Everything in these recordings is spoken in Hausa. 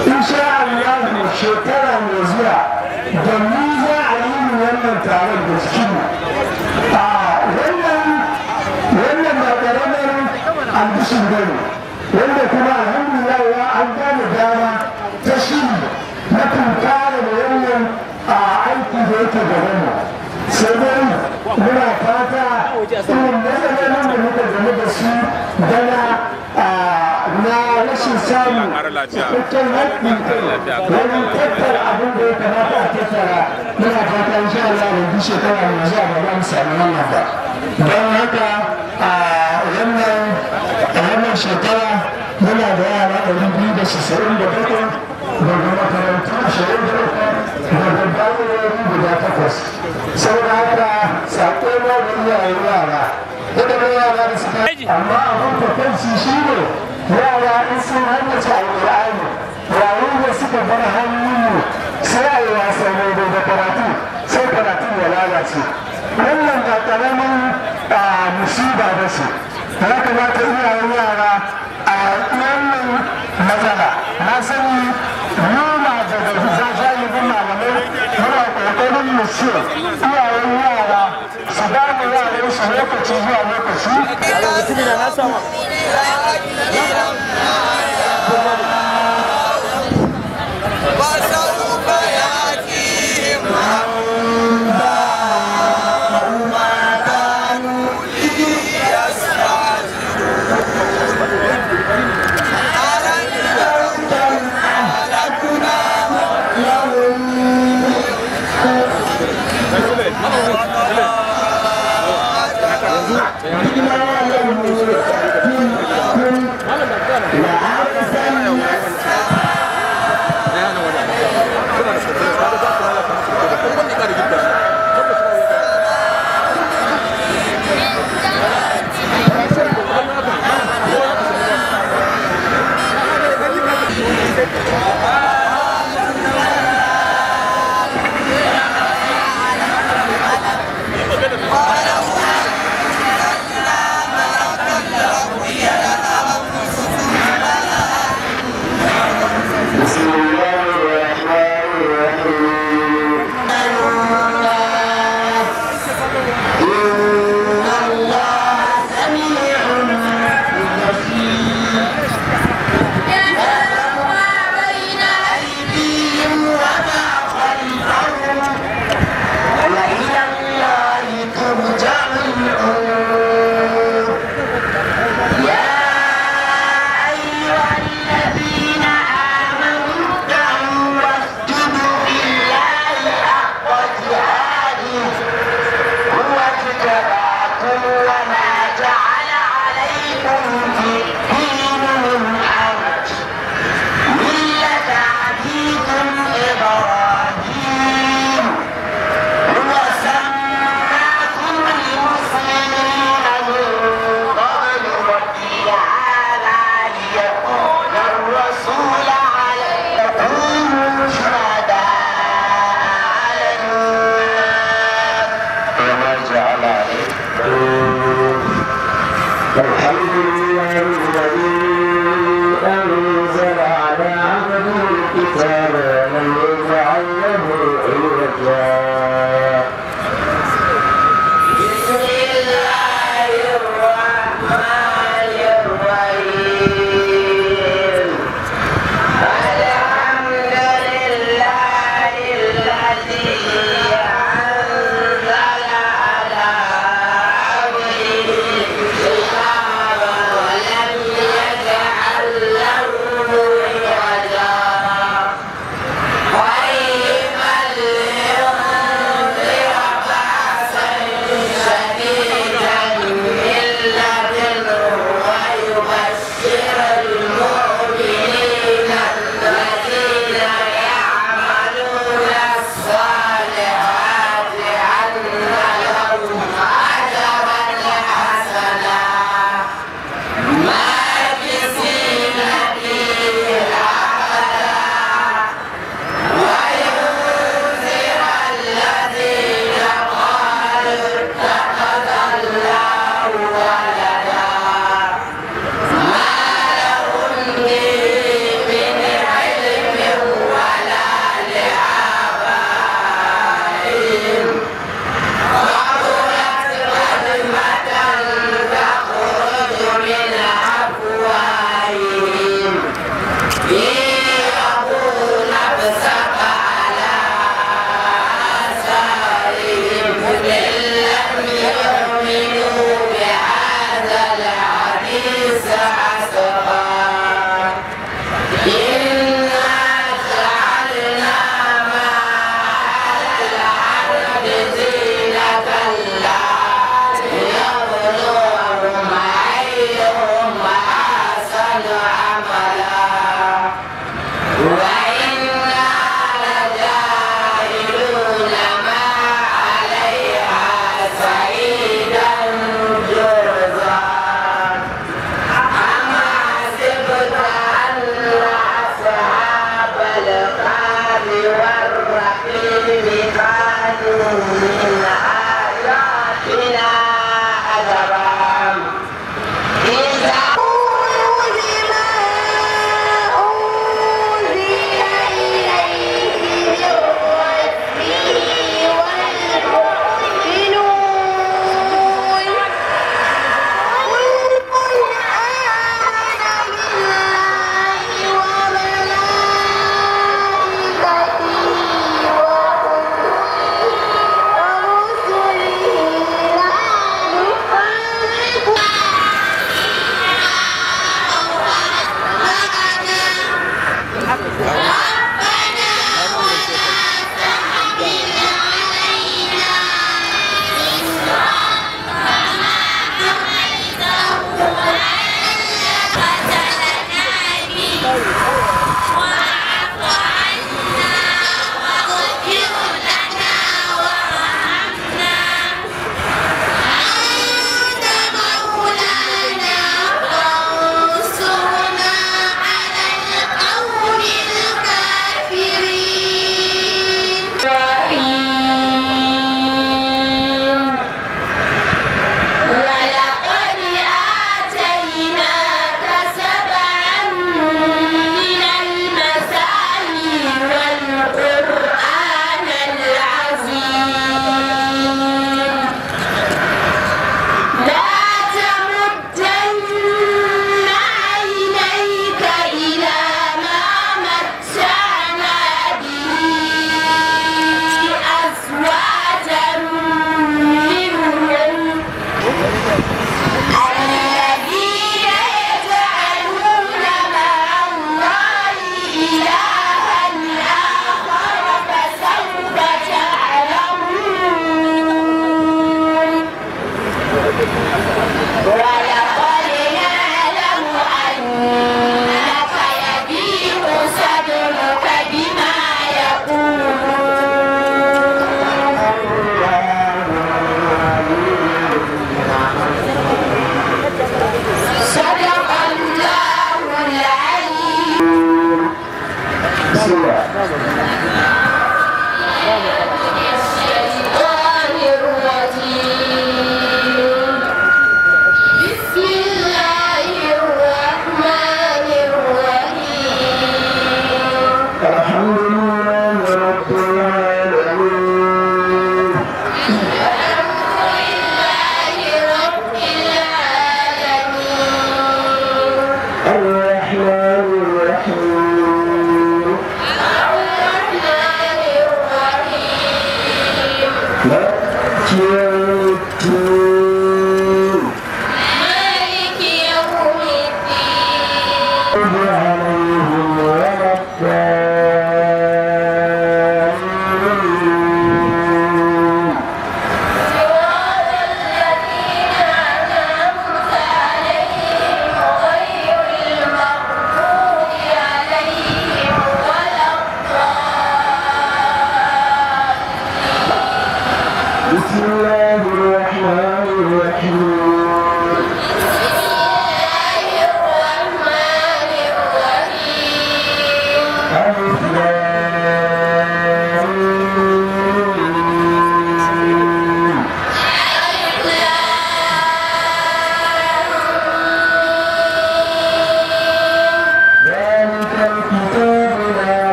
insha Allah ne shekara mai zuwa da mu za a yi mu wannan taron da a wannan wannan ba karamar ambishin bane wanda kuma alhamdulillah an gane dama ta shi na tunkara da wannan a aiki da yake gaba mu sai dai muna fata irin matsalolin da muka zama da su dana samu cikakken haƙƙin kai wajen tattara abin da ya kamata a tattara muna fata insha Allah da duk shekara mai zuwa ba za mu samu wannan ba don haka a wannan a wannan shekara muna da yara ɗari biyu da sassarin da bakwai daga makarantu ashirin da bakwai daga bayan guda takwas saboda haka saƙo na wani yayin yara yadda yara da suka amma abin da kansu shi ne yara in sun hannace a yayin da suka bar hannunmu sai a yi wasa daidai da karatu sai karatu ya lalace wannan ba ƙaramin musiba ba ce ya kamata iyayen yara a wannan matsala na sani nuna daga zazzayin malamai muna ƙoƙarin mu bisa lokaci zuwa lokaci. Mutumina na sama.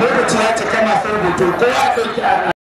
lokaci ya cika masu rubutu kowa ya ɗauki